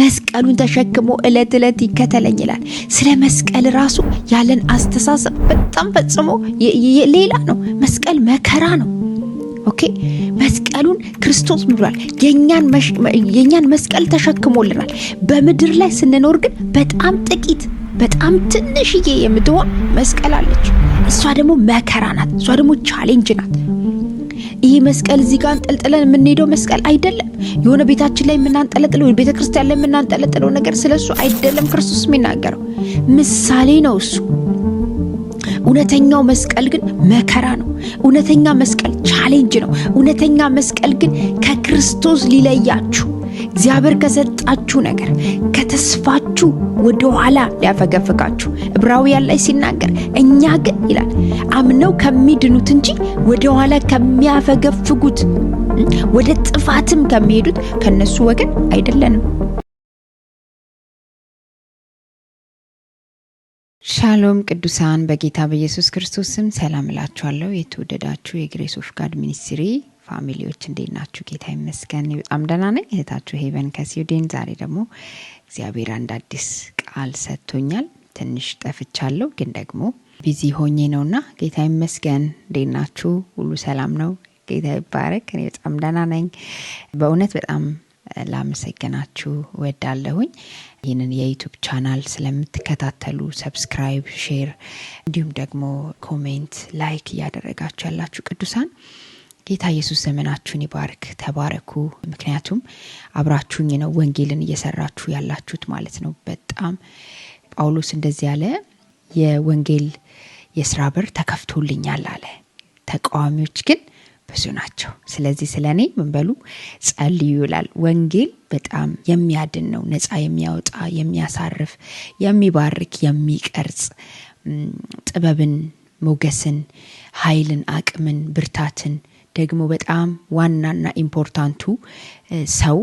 መስቀሉን ተሸክሞ እለት እለት ይከተለኝ ይላል። ስለ መስቀል ራሱ ያለን አስተሳሰብ በጣም ፈጽሞ ሌላ ነው። መስቀል መከራ ነው። ኦኬ መስቀሉን ክርስቶስ ምን ብሏል? የእኛን መስቀል ተሸክሞልናል። በምድር ላይ ስንኖር ግን በጣም ጥቂት በጣም ትንሽዬ የምትሆን መስቀል አለች። እሷ ደግሞ መከራ ናት። እሷ ደግሞ ቻሌንጅ ናት። ይሄ መስቀል እዚህ ጋር አንጠልጥለን የምንሄደው መስቀል አይደለም። የሆነ ቤታችን ላይ የምናንጠለጥለው ቤተ ክርስቲያን ላይ የምናንጠለጥለው ነገር ስለሱ አይደለም። ክርስቶስ የሚናገረው ምሳሌ ነው እሱ እውነተኛው መስቀል ግን መከራ ነው። እውነተኛ መስቀል ቻሌንጅ ነው። እውነተኛ መስቀል ግን ከክርስቶስ ሊለያችሁ እግዚአብሔር ከሰጣችሁ ነገር ከተስፋችሁ ወደ ኋላ ሊያፈገፍጋችሁ ዕብራውያን ላይ ሲናገር እኛ ግን ይላል አምነው ከሚድኑት እንጂ ወደ ኋላ ከሚያፈገፍጉት ወደ ጥፋትም ከሚሄዱት ከነሱ ወገን አይደለንም። ሻሎም ቅዱሳን በጌታ በኢየሱስ ክርስቶስ ስም ሰላም እላችኋለሁ። የተወደዳችሁ የግሬስ ኦፍ ጋድ ሚኒስትሪ ፋሚሊዎች እንዴት ናችሁ? ጌታ ይመስገን በጣም ደህና ነኝ። እህታችሁ ሄቨን ከሲዩዴን ዛሬ ደግሞ እግዚአብሔር አንድ አዲስ ቃል ሰጥቶኛል። ትንሽ ጠፍቻለሁ፣ ግን ደግሞ ቢዚ ሆኜ ነውና ጌታ ይመስገን። እንዴት ናችሁ? ሁሉ ሰላም ነው? ጌታ ይባረክ። እኔ በጣም ደህና ነኝ። በእውነት በጣም ላመሰግናችሁ ወዳለሁኝ ይህንን የዩቱብ ቻናል ስለምትከታተሉ ሰብስክራይብ፣ ሼር እንዲሁም ደግሞ ኮሜንት፣ ላይክ እያደረጋችሁ ያላችሁ ቅዱሳን ጌታ ኢየሱስ ዘመናችሁን ይባርክ። ተባረኩ። ምክንያቱም አብራችሁኝ ነው ወንጌልን እየሰራችሁ ያላችሁት ማለት ነው። በጣም ጳውሎስ እንደዚህ ያለ የወንጌል የስራ በር ተከፍቶልኛል አለ። ተቃዋሚዎች ግን ብዙ ናቸው። ስለዚህ ስለ እኔ ምን በሉ ጸልዩ ይላል። ወንጌል በጣም የሚያድን ነው። ነፃ የሚያወጣ የሚያሳርፍ፣ የሚባርክ፣ የሚቀርጽ ጥበብን፣ ሞገስን፣ ኃይልን፣ አቅምን፣ ብርታትን ደግሞ በጣም ዋናና ኢምፖርታንቱ ሰው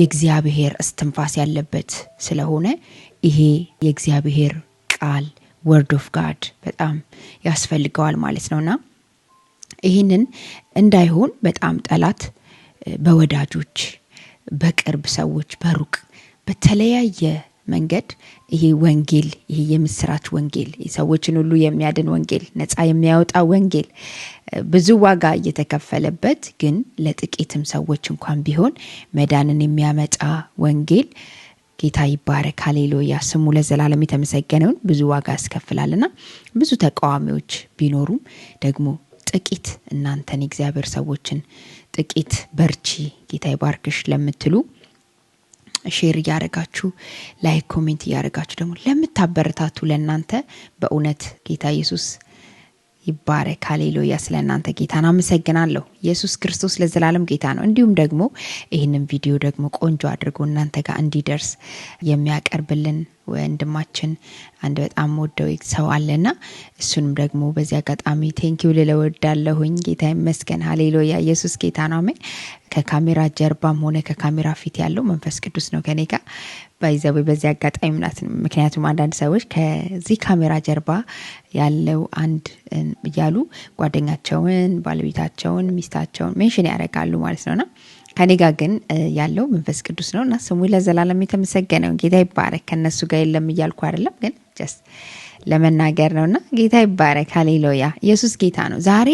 የእግዚአብሔር እስትንፋስ ያለበት ስለሆነ ይሄ የእግዚአብሔር ቃል ወርድ ኦፍ ጋድ በጣም ያስፈልገዋል ማለት ነውና ይህንን እንዳይሆን በጣም ጠላት በወዳጆች፣ በቅርብ ሰዎች፣ በሩቅ በተለያየ መንገድ ይሄ ወንጌል ይሄ የምስራች ወንጌል ሰዎችን ሁሉ የሚያድን ወንጌል ነፃ የሚያወጣ ወንጌል ብዙ ዋጋ እየተከፈለበት ግን ለጥቂትም ሰዎች እንኳን ቢሆን መዳንን የሚያመጣ ወንጌል ጌታ ይባረክ፣ ሃሌሉያ ስሙ ለዘላለም የተመሰገነውን ብዙ ዋጋ ያስከፍላልና ብዙ ተቃዋሚዎች ቢኖሩም ደግሞ ጥቂት እናንተን የእግዚአብሔር ሰዎችን ጥቂት በርቺ ጌታ ይባርክሽ ለምትሉ ሼር እያደረጋችሁ ላይ ኮሜንት እያደረጋችሁ ደግሞ ለምታበረታቱ ለእናንተ በእውነት ጌታ ኢየሱስ ይባረክ። ሃሌሉያ። ስለ እናንተ ጌታን አመሰግናለሁ። ኢየሱስ ክርስቶስ ለዘላለም ጌታ ነው። እንዲሁም ደግሞ ይህንን ቪዲዮ ደግሞ ቆንጆ አድርጎ እናንተ ጋር እንዲደርስ የሚያቀርብልን ወንድማችን አንድ በጣም ወደው ሰው አለና እሱንም ደግሞ በዚህ አጋጣሚ ቴንኪው ልለው እወዳለሁኝ። ጌታ ይመስገን። ሃሌሉያ። ኢየሱስ ጌታ ነው። አሜን። ከካሜራ ጀርባም ሆነ ከካሜራ ፊት ያለው መንፈስ ቅዱስ ነው ከኔ ጋር ባይዘዌ በዚህ አጋጣሚ ምናት ምክንያቱም አንዳንድ ሰዎች ከዚህ ካሜራ ጀርባ ያለው አንድ እያሉ ጓደኛቸውን፣ ባለቤታቸውን፣ ሚስታቸውን ሜንሽን ያደርጋሉ ማለት ነውና ከኔ ጋር ግን ያለው መንፈስ ቅዱስ ነው እና ስሙ ለዘላለም የተመሰገነው ጌታ ይባረክ። ከእነሱ ጋር የለም እያልኩ አይደለም፣ ግን ጀስት ለመናገር ነው እና ጌታ ይባረክ። ሀሌሉያ። ኢየሱስ ጌታ ነው ዛሬ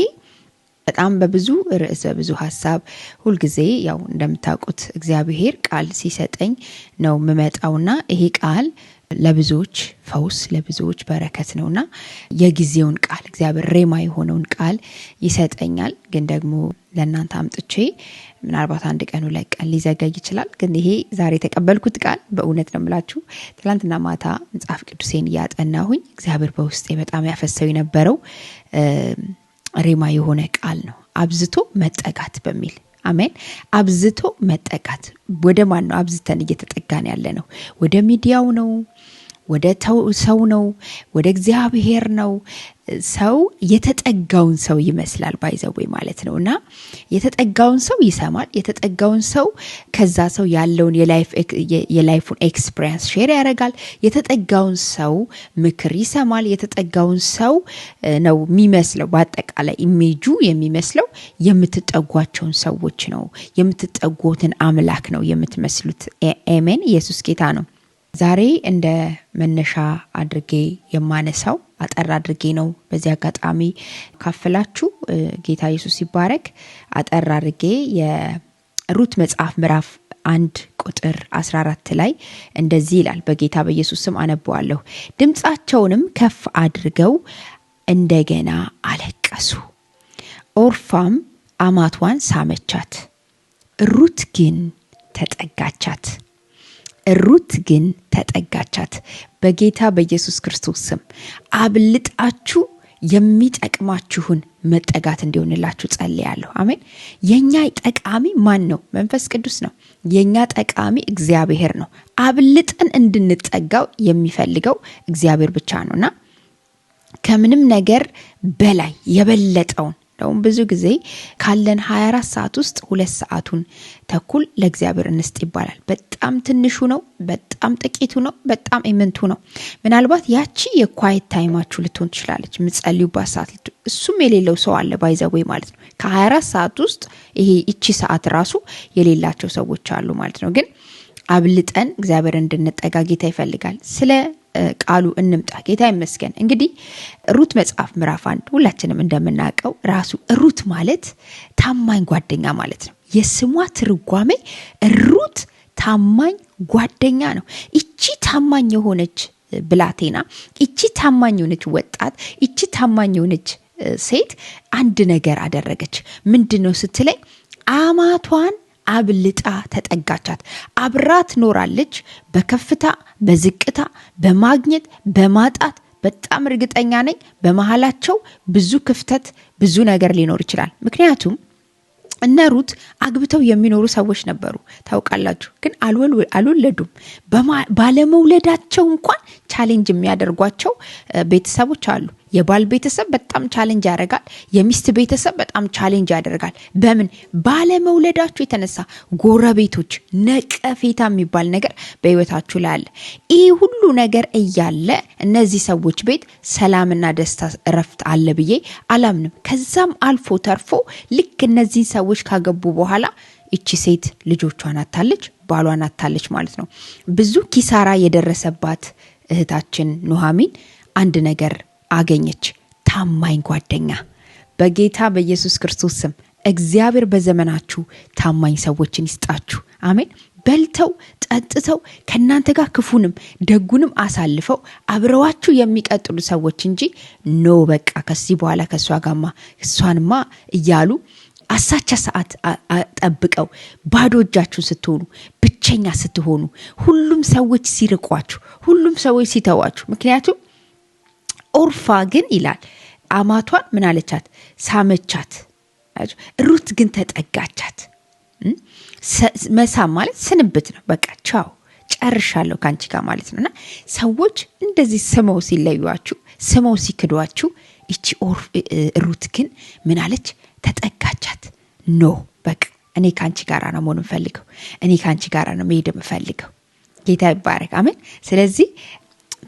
በጣም በብዙ ርዕስ በብዙ ሀሳብ ሁልጊዜ ያው እንደምታውቁት እግዚአብሔር ቃል ሲሰጠኝ ነው የምመጣውና ይሄ ቃል ለብዙዎች ፈውስ ለብዙዎች በረከት ነውና የጊዜውን ቃል እግዚአብሔር ሬማ የሆነውን ቃል ይሰጠኛል። ግን ደግሞ ለእናንተ አምጥቼ ምናልባት አንድ ቀን ሁለት ቀን ሊዘገይ ይችላል። ግን ይሄ ዛሬ የተቀበልኩት ቃል በእውነት ነው ምላችሁ ትላንትና ማታ መጽሐፍ ቅዱሴን እያጠናሁኝ እግዚአብሔር በውስጤ በጣም ያፈሰው የነበረው ሬማ የሆነ ቃል ነው። አብዝቶ መጠጋት በሚል አሜን። አብዝቶ መጠጋት ወደ ማን ነው? አብዝተን እየተጠጋን ያለ ነው። ወደ ሚዲያው ነው ወደ ሰው ነው፣ ወደ እግዚአብሔር ነው፣ ሰው የተጠጋውን ሰው ይመስላል ባይዘዌ ማለት ነው። እና የተጠጋውን ሰው ይሰማል። የተጠጋውን ሰው ከዛ ሰው ያለውን የላይፉን ኤክስፒሪንስ ሼር ያደርጋል። የተጠጋውን ሰው ምክር ይሰማል። የተጠጋውን ሰው ነው የሚመስለው። በአጠቃላይ ኢሜጁ የሚመስለው የምትጠጓቸውን ሰዎች ነው። የምትጠጉትን አምላክ ነው የምትመስሉት። ኤሜን። ኢየሱስ ጌታ ነው። ዛሬ እንደ መነሻ አድርጌ የማነሳው አጠር አድርጌ ነው በዚህ አጋጣሚ ካፍላችሁ። ጌታ ኢየሱስ ሲባረክ። አጠር አድርጌ የሩት መጽሐፍ ምዕራፍ አንድ ቁጥር 14 ላይ እንደዚህ ይላል። በጌታ በኢየሱስ ስም አነበዋለሁ። ድምፃቸውንም ከፍ አድርገው እንደገና አለቀሱ። ኦርፋም አማቷን ሳመቻት፣ ሩት ግን ተጠጋቻት ሩት ግን ተጠጋቻት። በጌታ በኢየሱስ ክርስቶስ ስም አብልጣችሁ የሚጠቅማችሁን መጠጋት እንዲሆንላችሁ ጸልያለሁ። አሜን። የኛ ጠቃሚ ማን ነው? መንፈስ ቅዱስ ነው። የኛ ጠቃሚ እግዚአብሔር ነው። አብልጠን እንድንጠጋው የሚፈልገው እግዚአብሔር ብቻ ነውና ከምንም ነገር በላይ የበለጠውን እንደውም ብዙ ጊዜ ካለን 24 ሰዓት ውስጥ ሁለት ሰዓቱን ተኩል ለእግዚአብሔር እንስጥ ይባላል። በጣም ትንሹ ነው፣ በጣም ጥቂቱ ነው፣ በጣም ኢምንቱ ነው። ምናልባት ያቺ የኳየት ታይማችሁ ልትሆን ትችላለች፣ ምጸልዩባት ሰዓት እሱም የሌለው ሰው አለ ባይዘወይ ማለት ነው። ከ24 ሰዓት ውስጥ ይሄ እቺ ሰዓት ራሱ የሌላቸው ሰዎች አሉ ማለት ነው። ግን አብልጠን እግዚአብሔር እንድንጠጋ ጌታ ይፈልጋል ስለ ቃሉ እንምጣ። ጌታ ይመስገን። እንግዲህ ሩት መጽሐፍ ምዕራፍ አንድ ሁላችንም እንደምናውቀው ራሱ ሩት ማለት ታማኝ ጓደኛ ማለት ነው። የስሟ ትርጓሜ ሩት ታማኝ ጓደኛ ነው። እቺ ታማኝ የሆነች ብላቴና፣ እቺ ታማኝ የሆነች ወጣት፣ እቺ ታማኝ የሆነች ሴት አንድ ነገር አደረገች። ምንድን ነው ስትለኝ አማቷን አብልጣ ተጠጋቻት። አብራት ኖራለች በከፍታ በዝቅታ በማግኘት በማጣት በጣም እርግጠኛ ነኝ በመሀላቸው ብዙ ክፍተት ብዙ ነገር ሊኖር ይችላል። ምክንያቱም እነ ሩት አግብተው የሚኖሩ ሰዎች ነበሩ ታውቃላችሁ፣ ግን አልወለዱም። ባለመውለዳቸው እንኳን ቻሌንጅ የሚያደርጓቸው ቤተሰቦች አሉ። የባል ቤተሰብ በጣም ቻሌንጅ ያደርጋል። የሚስት ቤተሰብ በጣም ቻሌንጅ ያደርጋል። በምን ባለመውለዳችሁ የተነሳ ጎረቤቶች፣ ነቀፌታ የሚባል ነገር በህይወታችሁ ላይ አለ። ይህ ሁሉ ነገር እያለ እነዚህ ሰዎች ቤት ሰላምና ደስታ እረፍት አለ ብዬ አላምንም። ከዛም አልፎ ተርፎ ልክ እነዚህ ሰዎች ካገቡ በኋላ እቺ ሴት ልጆቿን አታለች፣ ባሏን አታለች ማለት ነው። ብዙ ኪሳራ የደረሰባት እህታችን ኑሐሚን አንድ ነገር አገኘች። ታማኝ ጓደኛ በጌታ በኢየሱስ ክርስቶስ ስም እግዚአብሔር በዘመናችሁ ታማኝ ሰዎችን ይስጣችሁ። አሜን። በልተው ጠጥተው ከእናንተ ጋር ክፉንም ደጉንም አሳልፈው አብረዋችሁ የሚቀጥሉ ሰዎች እንጂ ኖ በቃ ከዚህ በኋላ ከእሷ ጋማ እሷንማ እያሉ አሳቻ ሰዓት ጠብቀው ባዶ እጃችሁን ስትሆኑ ብቸኛ ስትሆኑ ሁሉም ሰዎች ሲርቋችሁ፣ ሁሉም ሰዎች ሲተዋችሁ ምክንያቱም ኦርፋ ግን ይላል አማቷን ምን አለቻት? ሳመቻት። ሩት ግን ተጠጋቻት። መሳም ማለት ስንብት ነው። በቃ ቻው ጨርሻለሁ ከአንቺ ጋር ማለት ነው። እና ሰዎች እንደዚህ ስመው ሲለዩችሁ ስመው ሲክዷችሁ፣ እቺ ሩት ግን ምን አለች? ተጠጋቻት። ኖ በቃ እኔ ከአንቺ ጋራ ነው መሆን የምፈልገው። እኔ ከአንቺ ጋራ ነው መሄድ የምፈልገው። ጌታ ይባረክ። አሜን። ስለዚህ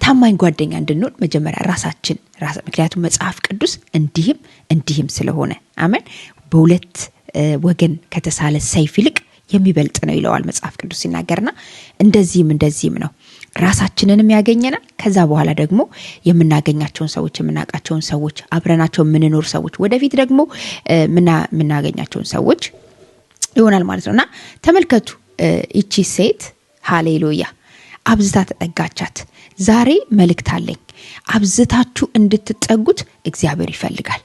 ታማኝ ጓደኛ እንድንሆን መጀመሪያ ራሳችን ምክንያቱም መጽሐፍ ቅዱስ እንዲህም እንዲህም ስለሆነ አመን በሁለት ወገን ከተሳለ ሰይፍ ይልቅ የሚበልጥ ነው ይለዋል መጽሐፍ ቅዱስ ሲናገርና እንደዚህም እንደዚህም ነው ራሳችንንም ያገኘናል። ከዛ በኋላ ደግሞ የምናገኛቸውን ሰዎች የምናውቃቸውን ሰዎች አብረናቸው የምንኖር ሰዎች ወደፊት ደግሞ የምናገኛቸውን ሰዎች ይሆናል ማለት ነው እና ተመልከቱ፣ ይቺ ሴት ሃሌሉያ አብዝታ ተጠጋቻት። ዛሬ መልእክት አለኝ። አብዝታችሁ እንድትጠጉት እግዚአብሔር ይፈልጋል።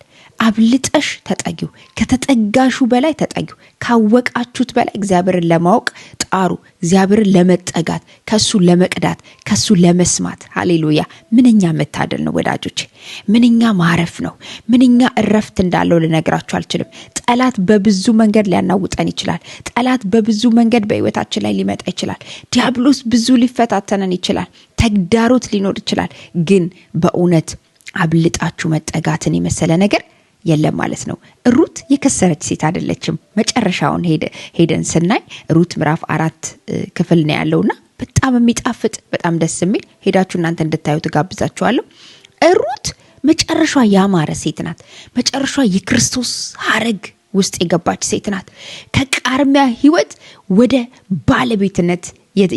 አብልጠሽ ተጠጊው። ከተጠጋሹ በላይ ተጠጊው። ካወቃችሁት በላይ እግዚአብሔርን ለማወቅ ጣሩ። እግዚአብሔርን ለመጠጋት፣ ከሱ ለመቅዳት፣ ከሱ ለመስማት። ሃሌሉያ! ምንኛ መታደል ነው ወዳጆች፣ ምንኛ ማረፍ ነው፣ ምንኛ እረፍት እንዳለው ልነግራችሁ አልችልም። ጠላት በብዙ መንገድ ሊያናውጠን ይችላል። ጠላት በብዙ መንገድ በህይወታችን ላይ ሊመጣ ይችላል። ዲያብሎስ ብዙ ሊፈታተነን ይችላል። ተግዳሮት ሊኖር ይችላል። ግን በእውነት አብልጣችሁ መጠጋትን የመሰለ ነገር የለም ማለት ነው። ሩት የከሰረች ሴት አይደለችም። መጨረሻውን ሄደን ስናይ ሩት ምዕራፍ አራት ክፍል ነው ያለውና በጣም የሚጣፍጥ በጣም ደስ የሚል ሄዳችሁ እናንተ እንድታዩ ትጋብዛችኋለሁ። ሩት መጨረሻ ያማረ ሴት ናት። መጨረሻ የክርስቶስ ሀረግ ውስጥ የገባች ሴት ናት። ከቃርሚያ ህይወት ወደ ባለቤትነት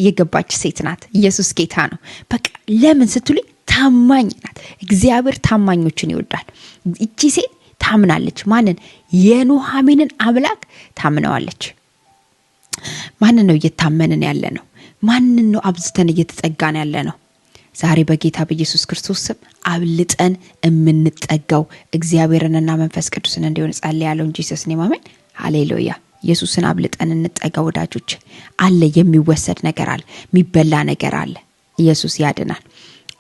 የገባች ሴት ናት። ኢየሱስ ጌታ ነው። በቃ ለምን ስትሉኝ ታማኝ ናት። እግዚአብሔር ታማኞችን ይወዳል። እቺ ሴት ታምናለች። ማንን? የኑሐሚንን አምላክ ታምነዋለች። ማንን ነው እየታመንን ያለ ነው? ማንን ነው አብዝተን እየተጠጋን ያለ ነው? ዛሬ በጌታ በኢየሱስ ክርስቶስ ስም አብልጠን የምንጠጋው እግዚአብሔርንና መንፈስ ቅዱስን እንዲሆን ጻለ ያለውን ጂሰስ ኔም አሜን። ሃሌሉያ። ኢየሱስን አብልጠን እንጠጋ ወዳጆች። አለ የሚወሰድ ነገር አለ፣ የሚበላ ነገር አለ። ኢየሱስ ያድናል።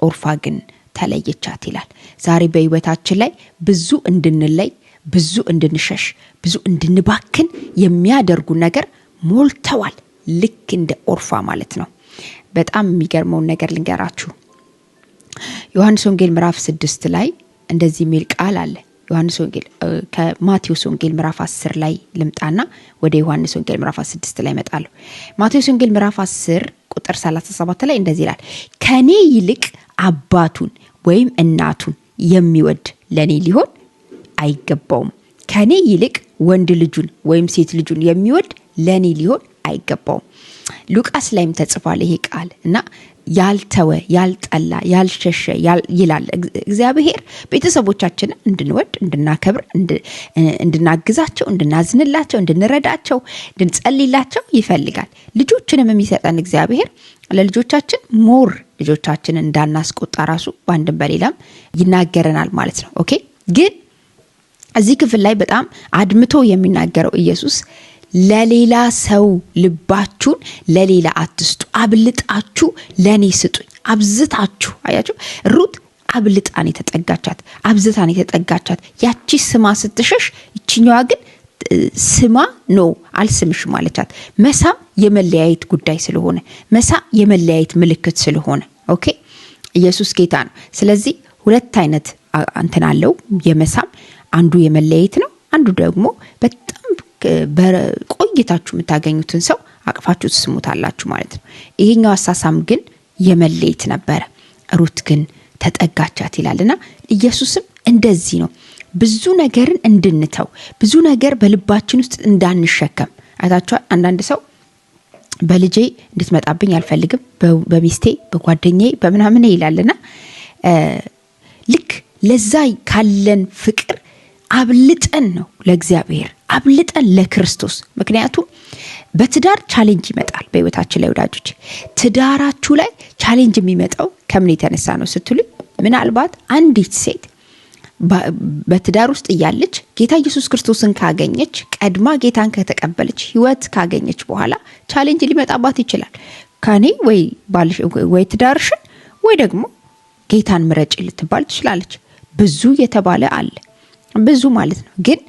ኦርፋ ግን ተለየቻት ይላል። ዛሬ በህይወታችን ላይ ብዙ እንድንለይ፣ ብዙ እንድንሸሽ፣ ብዙ እንድንባክን የሚያደርጉ ነገር ሞልተዋል። ልክ እንደ ኦርፋ ማለት ነው። በጣም የሚገርመውን ነገር ልንገራችሁ። ዮሐንስ ወንጌል ምዕራፍ ስድስት ላይ እንደዚህ የሚል ቃል አለ። ዮሐንስ ወንጌል ከማቴዎስ ወንጌል ምዕራፍ አስር ላይ ልምጣና ወደ ዮሐንስ ወንጌል ምዕራፍ ስድስት ላይ እመጣለሁ። ማቴዎስ ወንጌል ምዕራፍ አስር ቁጥር 37 ላይ እንደዚህ ይላል፣ ከኔ ይልቅ አባቱን ወይም እናቱን የሚወድ ለእኔ ሊሆን አይገባውም። ከኔ ይልቅ ወንድ ልጁን ወይም ሴት ልጁን የሚወድ ለእኔ ሊሆን አይገባውም። ሉቃስ ላይም ተጽፏል ይሄ ቃል እና ያልተወ ያልጠላ ያልሸሸ ይላል። እግዚአብሔር ቤተሰቦቻችንን እንድንወድ፣ እንድናከብር፣ እንድናግዛቸው፣ እንድናዝንላቸው፣ እንድንረዳቸው፣ እንድንጸልይላቸው ይፈልጋል። ልጆችንም የሚሰጠን እግዚአብሔር ለልጆቻችን ሞር ልጆቻችን እንዳናስቆጣ ራሱ በአንድም በሌላም ይናገረናል ማለት ነው። ኦኬ ግን እዚህ ክፍል ላይ በጣም አድምቶ የሚናገረው ኢየሱስ ለሌላ ሰው ልባችሁን ለሌላ አትስጡ፣ አብልጣችሁ ለእኔ ስጡኝ። አብዝታችሁ አያችሁ ሩት አብልጣን የተጠጋቻት አብዝታን የተጠጋቻት ያቺ ስማ ስትሸሽ፣ ይችኛዋ ግን ስማ ኖ አልስምሽም አለቻት። መሳም የመለያየት ጉዳይ ስለሆነ መሳ የመለያየት ምልክት ስለሆነ ኦኬ ኢየሱስ ጌታ ነው። ስለዚህ ሁለት አይነት እንትን አለው የመሳም አንዱ የመለያየት ነው፣ አንዱ ደግሞ በጣም በቆይታችሁ የምታገኙትን ሰው አቅፋችሁ ትስሙታላችሁ ማለት ነው። ይሄኛው አሳሳም ግን የመለየት ነበረ። ሩት ግን ተጠጋቻት ይላል እና ኢየሱስም እንደዚህ ነው ብዙ ነገርን እንድንተው ብዙ ነገር በልባችን ውስጥ እንዳንሸከም አይታችኋል። አንዳንድ ሰው በልጄ እንድትመጣብኝ አልፈልግም፣ በሚስቴ በጓደኛዬ በምናምን ይላልና ልክ ለዛ ካለን ፍቅር አብልጠን ነው ለእግዚአብሔር አብልጠን ለክርስቶስ። ምክንያቱም በትዳር ቻሌንጅ ይመጣል በህይወታችን ላይ ወዳጆች፣ ትዳራችሁ ላይ ቻሌንጅ የሚመጣው ከምን የተነሳ ነው ስትሉ ምናልባት አንዲት ሴት በትዳር ውስጥ እያለች ጌታ ኢየሱስ ክርስቶስን ካገኘች ቀድማ ጌታን ከተቀበለች ህይወት ካገኘች በኋላ ቻሌንጅ ሊመጣባት ይችላል። ከኔ ወይ ባልሽ ወይ ትዳርሽን ወይ ደግሞ ጌታን ምረጭ ልትባል ትችላለች። ብዙ የተባለ አለ ብዙ ማለት ነው። ግን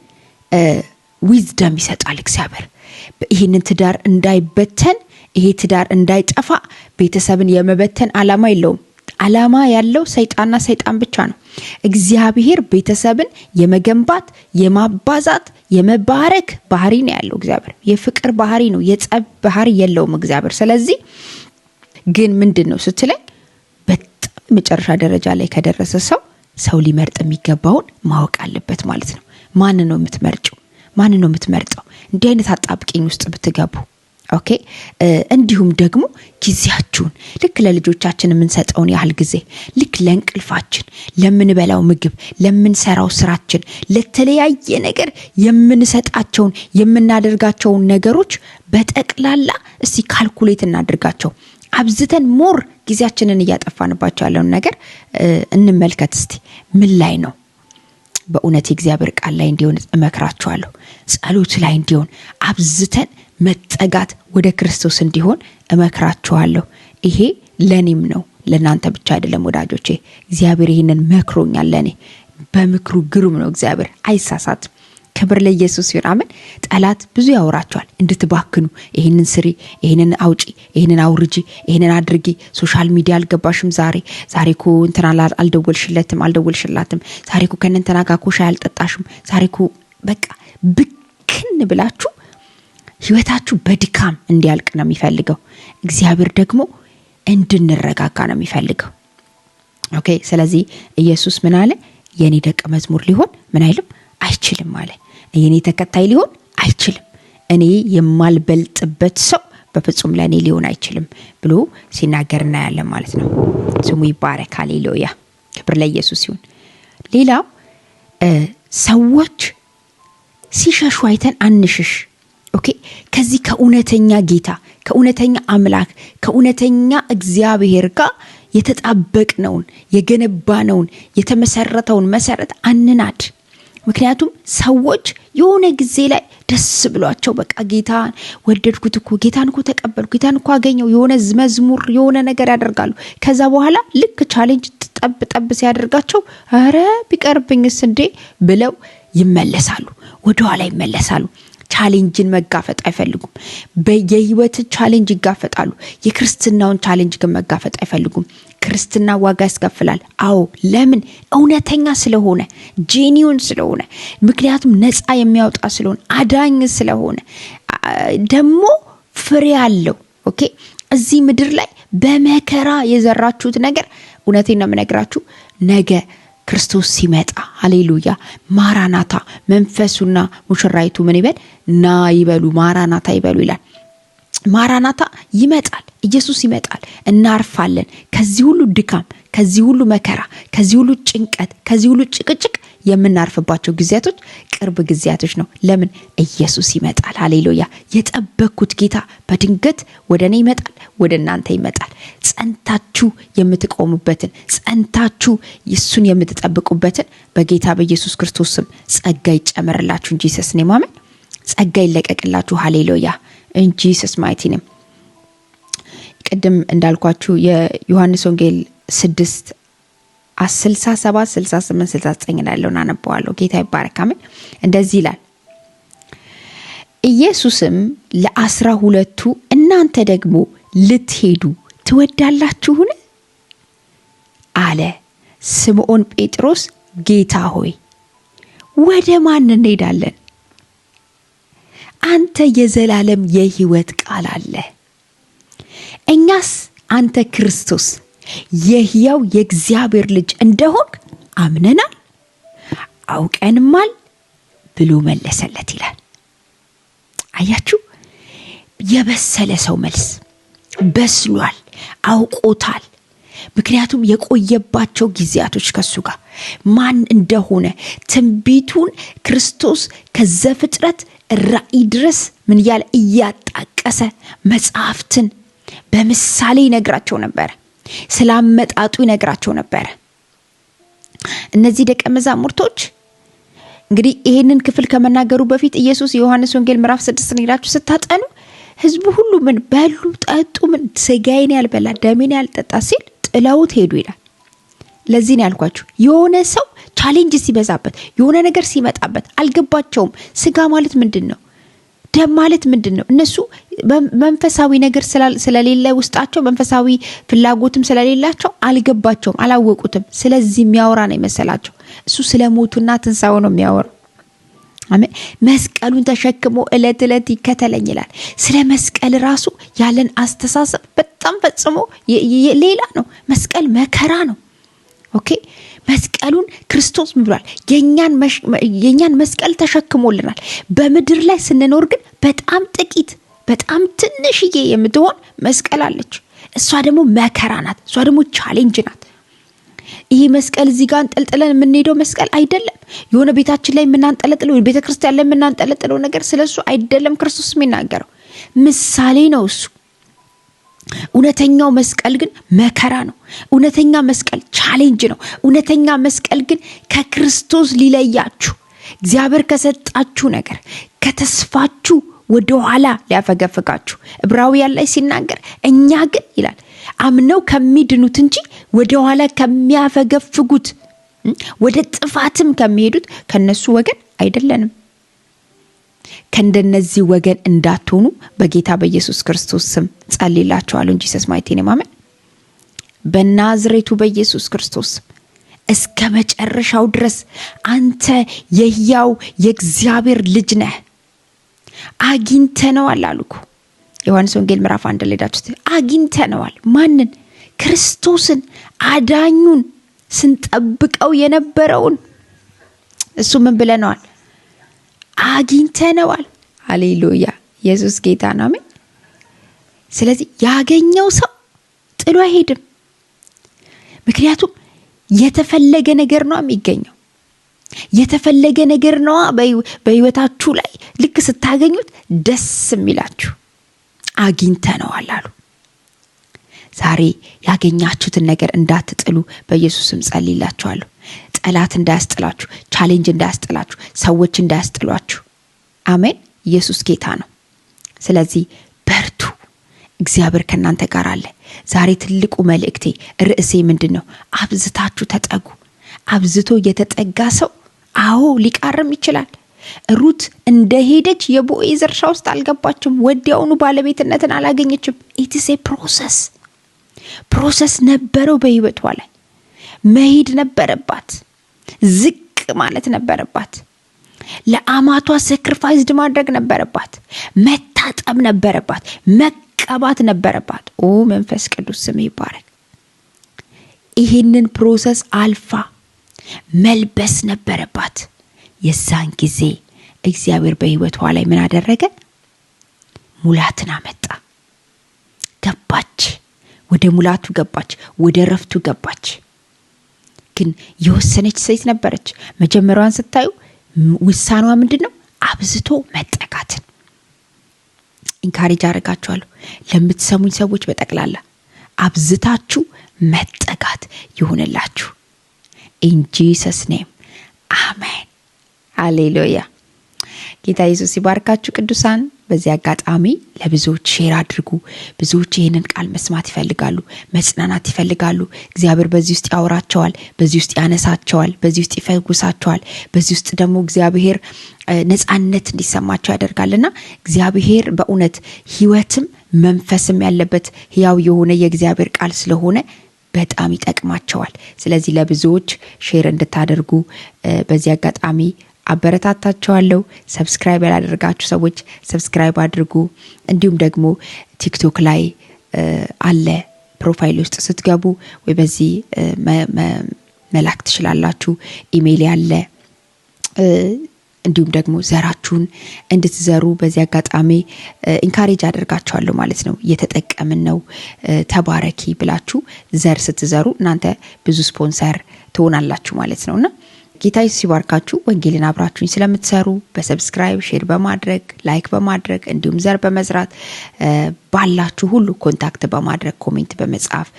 ዊዝደም ይሰጣል እግዚአብሔር ይህንን ትዳር እንዳይበተን ይሄ ትዳር እንዳይጠፋ ቤተሰብን የመበተን ዓላማ የለውም። አላማ ያለው ሰይጣንና ሰይጣን ብቻ ነው። እግዚአብሔር ቤተሰብን የመገንባት የማባዛት፣ የመባረክ ባህሪ ነው ያለው። እግዚአብሔር የፍቅር ባህሪ ነው፣ የጸብ ባህሪ የለውም እግዚአብሔር። ስለዚህ ግን ምንድን ነው ስትለኝ በጣም መጨረሻ ደረጃ ላይ ከደረሰ ሰው ሰው ሊመርጥ የሚገባውን ማወቅ አለበት ማለት ነው። ማን ነው የምትመርጭው? ማን ነው የምትመርጠው? እንዲህ አይነት አጣብቂኝ ውስጥ ብትገቡ ኦኬ እንዲሁም ደግሞ ጊዜያችሁን ልክ ለልጆቻችን የምንሰጠውን ያህል ጊዜ ልክ ለእንቅልፋችን፣ ለምንበላው ምግብ፣ ለምንሰራው ስራችን፣ ለተለያየ ነገር የምንሰጣቸውን የምናደርጋቸውን ነገሮች በጠቅላላ እስቲ ካልኩሌት እናድርጋቸው። አብዝተን ሞር ጊዜያችንን እያጠፋንባቸው ያለውን ነገር እንመልከት እስቲ ምን ላይ ነው በእውነት የእግዚአብሔር ቃል ላይ እንዲሆን እመክራችኋለሁ። ጸሎት ላይ እንዲሆን አብዝተን መጠጋት ወደ ክርስቶስ እንዲሆን እመክራችኋለሁ። ይሄ ለእኔም ነው ለእናንተ ብቻ አይደለም ወዳጆቼ። እግዚአብሔር ይህንን መክሮኛል ለእኔ። በምክሩ ግሩም ነው እግዚአብሔር፣ አይሳሳትም። ክብር ለኢየሱስ ይሁን። አሜን። ጠላት ብዙ ያወራቸዋል እንድትባክኑ፣ ይህንን ስሪ፣ ይህንን አውጪ፣ ይህንን አውርጂ፣ ይህንን አድርጊ። ሶሻል ሚዲያ አልገባሽም ዛሬ ዛሬ ኮ እንትና አልደወልሽለትም አልደወልሽላትም፣ ዛሬ ኮ ከነንተና እንትና ጋር ኮሻ አልጠጣሽም፣ ዛሬ ኮ በቃ ብክን ብላችሁ ህይወታችሁ በድካም እንዲያልቅ ነው የሚፈልገው። እግዚአብሔር ደግሞ እንድንረጋጋ ነው የሚፈልገው። ኦኬ። ስለዚህ ኢየሱስ ምን አለ? የኔ ደቀ መዝሙር ሊሆን ምን አይልም አይችልም አለ። የእኔ ተከታይ ሊሆን አይችልም። እኔ የማልበልጥበት ሰው በፍጹም ለእኔ ሊሆን አይችልም ብሎ ሲናገር እናያለን ማለት ነው። ስሙ ይባረክ። ሃሌሉያ፣ ክብር ለኢየሱስ ይሁን። ሌላው ሰዎች ሲሸሹ አይተን አንሽሽ ኦኬ ከዚህ ከእውነተኛ ጌታ ከእውነተኛ አምላክ ከእውነተኛ እግዚአብሔር ጋር የተጣበቅነውን የገነባነውን የተመሰረተውን መሰረት አንናድ። ምክንያቱም ሰዎች የሆነ ጊዜ ላይ ደስ ብሏቸው በቃ ጌታን ወደድኩት እኮ ጌታን እኮ ተቀበል ጌታን እኮ አገኘው የሆነ መዝሙር የሆነ ነገር ያደርጋሉ። ከዛ በኋላ ልክ ቻሌንጅ ጠብ ጠብ ሲያደርጋቸው ረ ቢቀርብኝስ እንዴ ብለው ይመለሳሉ፣ ወደኋላ ይመለሳሉ። ቻሌንጅን መጋፈጥ አይፈልጉም። የህይወት ቻሌንጅ ይጋፈጣሉ። የክርስትናውን ቻሌንጅ ግን መጋፈጥ አይፈልጉም። ክርስትና ዋጋ ያስከፍላል። አዎ፣ ለምን? እውነተኛ ስለሆነ ጄኒውን ስለሆነ ምክንያቱም ነፃ የሚያወጣ ስለሆነ አዳኝ ስለሆነ ደግሞ ፍሬ አለው። ኦኬ እዚህ ምድር ላይ በመከራ የዘራችሁት ነገር እውነቴን ነው የምነግራችሁ ነገ ክርስቶስ ሲመጣ ሀሌሉያ ማራናታ መንፈሱና ሙሽራይቱ ምን ይበል ና ይበሉ ማራናታ ይበሉ ይላል። ማራናታ ይመጣል፣ ኢየሱስ ይመጣል። እናርፋለን። ከዚህ ሁሉ ድካም፣ ከዚህ ሁሉ መከራ፣ ከዚህ ሁሉ ጭንቀት፣ ከዚህ ሁሉ ጭቅጭቅ የምናርፍባቸው ጊዜያቶች ቅርብ ጊዜያቶች ነው። ለምን? ኢየሱስ ይመጣል። ሃሌሉያ! የጠበኩት ጌታ በድንገት ወደ እኔ ይመጣል፣ ወደ እናንተ ይመጣል። ጸንታችሁ የምትቆሙበትን ጸንታችሁ እሱን የምትጠብቁበትን በጌታ በኢየሱስ ክርስቶስ ስም ጸጋ ይጨመርላችሁ እንጂ ሰስ ኔ ማመን ጸጋ ይለቀቅላችሁ። ሃሌሉያ! እንጂ ሰስ ማይቲ ቅድም እንዳልኳችሁ የዮሐንስ ወንጌል ስድስት ስልሳ ሰባት ስልሳ ስምንት ስልሳ ዘጠኝ ላለውን አነበዋለሁ። ጌታ ይባረክ እንደዚህ ይላል ኢየሱስም ለአስራ ሁለቱ እናንተ ደግሞ ልትሄዱ ትወዳላችሁን አለ። ስምዖን ጴጥሮስ ጌታ ሆይ ወደ ማን እንሄዳለን? አንተ የዘላለም የህይወት ቃል አለ። እኛስ አንተ ክርስቶስ የሕያው የእግዚአብሔር ልጅ እንደሆንክ አምነናል አውቀንማል ብሎ መለሰለት ይላል። አያችሁ፣ የበሰለ ሰው መልስ በስሏል፣ አውቆታል። ምክንያቱም የቆየባቸው ጊዜያቶች ከሱ ጋር ማን እንደሆነ ትንቢቱን ክርስቶስ ፍጥረት ራእይ ድረስ ምን ያለ እያጣቀሰ መጽሐፍትን በምሳሌ ይነግራቸው ነበረ። ስላመጣጡ ይነግራቸው ነበረ። እነዚህ ደቀ መዛሙርቶች እንግዲህ ይህንን ክፍል ከመናገሩ በፊት ኢየሱስ የዮሐንስ ወንጌል ምዕራፍ ስድስት ሄዳችሁ ስታጠኑ ህዝቡ ሁሉ ምን በሉ ጠጡ፣ ምን ስጋዬን ያልበላ ደሜን ያልጠጣ ሲል ጥለውት ሄዱ ይላል። ለዚህ ነው ያልኳችሁ የሆነ ሰው ቻሌንጅ ሲበዛበት የሆነ ነገር ሲመጣበት አልገባቸውም። ስጋ ማለት ምንድን ነው? ደም ማለት ምንድን ነው? እነሱ መንፈሳዊ ነገር ስለሌለ ውስጣቸው መንፈሳዊ ፍላጎትም ስለሌላቸው አልገባቸውም፣ አላወቁትም። ስለዚህ የሚያወራ ነው የመሰላቸው። እሱ ስለ ሞቱና ትንሳኤው ነው የሚያወራ መስቀሉን ተሸክሞ እለት እለት ይከተለኝ ይላል። ስለ መስቀል ራሱ ያለን አስተሳሰብ በጣም ፈጽሞ ሌላ ነው። መስቀል መከራ ነው። ኦኬ መስቀሉን ክርስቶስ ብሏል። የእኛን መስቀል ተሸክሞልናል። በምድር ላይ ስንኖር ግን በጣም ጥቂት በጣም ትንሽዬ የምትሆን መስቀል አለች። እሷ ደግሞ መከራ ናት። እሷ ደግሞ ቻሌንጅ ናት። ይህ መስቀል እዚህ ጋር አንጠልጥለን የምንሄደው መስቀል አይደለም። የሆነ ቤታችን ላይ የምናንጠለጥለው ቤተክርስቲያን ላይ የምናንጠለጥለው ነገር ስለ እሱ አይደለም። ክርስቶስ የሚናገረው ምሳሌ ነው እሱ እውነተኛው መስቀል ግን መከራ ነው። እውነተኛ መስቀል ቻሌንጅ ነው። እውነተኛ መስቀል ግን ከክርስቶስ ሊለያችሁ እግዚአብሔር ከሰጣችሁ ነገር ከተስፋችሁ ወደ ኋላ ሊያፈገፍጋችሁ ዕብራውያን ላይ ሲናገር እኛ ግን ይላል አምነው ከሚድኑት እንጂ ወደ ኋላ ከሚያፈገፍጉት ወደ ጥፋትም ከሚሄዱት ከነሱ ወገን አይደለንም። ከእንደነዚህ ወገን እንዳትሆኑ በጌታ በኢየሱስ ክርስቶስ ስም ጸልይላችኋለሁ። ጂሰስ ማይቴን የማመን በናዝሬቱ በኢየሱስ ክርስቶስ እስከ መጨረሻው ድረስ አንተ የህያው የእግዚአብሔር ልጅ ነህ፣ አግኝተነዋል አልኩ። ዮሐንስ ወንጌል ምዕራፍ አንድ ላይ ሄዳችሁት አግኝተነዋል። ማንን? ክርስቶስን፣ አዳኙን፣ ስንጠብቀው የነበረውን እሱ ምን ብለነዋል? አግኝተነዋል። ሃሌሉያ ኢየሱስ ጌታ ነው። አሜን። ስለዚህ ያገኘው ሰው ጥሎ አይሄድም። ምክንያቱም የተፈለገ ነገር ነው የሚገኘው። የተፈለገ ነገር ነዋ በህይወታችሁ ላይ ልክ ስታገኙት ደስ የሚላችሁ አግኝተነዋል አሉ። ዛሬ ያገኛችሁትን ነገር እንዳትጥሉ በኢየሱስም ጸልይላችኋለሁ። ጠላት እንዳያስጥላችሁ፣ ቻሌንጅ እንዳያስጥላችሁ፣ ሰዎች እንዳያስጥሏችሁ። አሜን። ኢየሱስ ጌታ ነው። ስለዚህ በርቱ፣ እግዚአብሔር ከእናንተ ጋር አለ። ዛሬ ትልቁ መልእክቴ ርዕሴ ምንድን ነው? አብዝታችሁ ተጠጉ። አብዝቶ የተጠጋ ሰው አዎ ሊቃርም ይችላል። ሩት እንደሄደች የቦኤዝ እርሻ ውስጥ አልገባችም። ወዲያውኑ ባለቤትነትን አላገኘችም። ኢትስ ፕሮሰስ ፕሮሰስ ነበረው በህይወቷ ላይ መሄድ ነበረባት። ዝቅ ማለት ነበረባት። ለአማቷ ሳክሪፋይስድ ማድረግ ነበረባት። መታጠብ ነበረባት። መቀባት ነበረባት። ኦ መንፈስ ቅዱስ ስም ይባረክ። ይህንን ፕሮሰስ አልፋ መልበስ ነበረባት። የዛን ጊዜ እግዚአብሔር በህይወቷ ላይ ምን አደረገ? ሙላትን አመጣ። ገባች፣ ወደ ሙላቱ ገባች፣ ወደ እረፍቱ ገባች። ግን የወሰነች ሴት ነበረች። መጀመሪያዋን ስታዩ ውሳኗ ምንድን ነው? አብዝቶ መጠጋትን ኢንካሬጅ አደርጋችኋለሁ። ለምትሰሙኝ ሰዎች በጠቅላላ አብዝታችሁ መጠጋት ይሁንላችሁ። ኢን ጂሰስ ኔም አሜን። አሌሉያ። ጌታ ኢየሱስ ይባርካችሁ ቅዱሳን። በዚህ አጋጣሚ ለብዙዎች ሼር አድርጉ። ብዙዎች ይህንን ቃል መስማት ይፈልጋሉ፣ መጽናናት ይፈልጋሉ። እግዚአብሔር በዚህ ውስጥ ያወራቸዋል፣ በዚህ ውስጥ ያነሳቸዋል፣ በዚህ ውስጥ ይፈጉሳቸዋል። በዚህ ውስጥ ደግሞ እግዚአብሔር ነጻነት እንዲሰማቸው ያደርጋልና እግዚአብሔር በእውነት ሕይወትም መንፈስም ያለበት ሕያው የሆነ የእግዚአብሔር ቃል ስለሆነ በጣም ይጠቅማቸዋል። ስለዚህ ለብዙዎች ሼር እንድታደርጉ በዚህ አጋጣሚ አበረታታቸዋለሁ። ሰብስክራይብ ያላደርጋችሁ ሰዎች ሰብስክራይብ አድርጉ። እንዲሁም ደግሞ ቲክቶክ ላይ አለ ፕሮፋይል ውስጥ ስትገቡ ወይ በዚህ መላክ ትችላላችሁ። ኢሜይል ያለ እንዲሁም ደግሞ ዘራችሁን እንድትዘሩ በዚህ አጋጣሚ ኢንካሬጅ አደርጋችኋለሁ ማለት ነው። እየተጠቀምን ነው፣ ተባረኪ ብላችሁ ዘር ስትዘሩ እናንተ ብዙ ስፖንሰር ትሆናላችሁ ማለት ነው እና ጌታ ሲባርካችሁ ወንጌልን አብራችሁኝ ስለምትሰሩ በሰብስክራይብ ሼር በማድረግ ላይክ በማድረግ እንዲሁም ዘር በመዝራት ባላችሁ ሁሉ ኮንታክት በማድረግ ኮሜንት በመጻፍ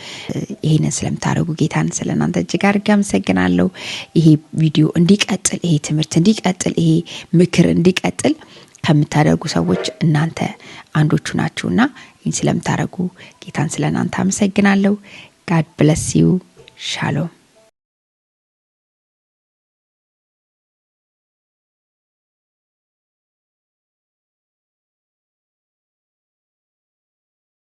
ይሄንን ስለምታደርጉ ጌታን ስለ እናንተ እጅግ አድርጌ አመሰግናለሁ። ይሄ ቪዲዮ እንዲቀጥል፣ ይሄ ትምህርት እንዲቀጥል፣ ይሄ ምክር እንዲቀጥል ከምታደርጉ ሰዎች እናንተ አንዶቹ ናችሁና ይህን ስለምታደርጉ ጌታን ስለ እናንተ አመሰግናለሁ። ጋድ ብለስ ዩ ሻሎም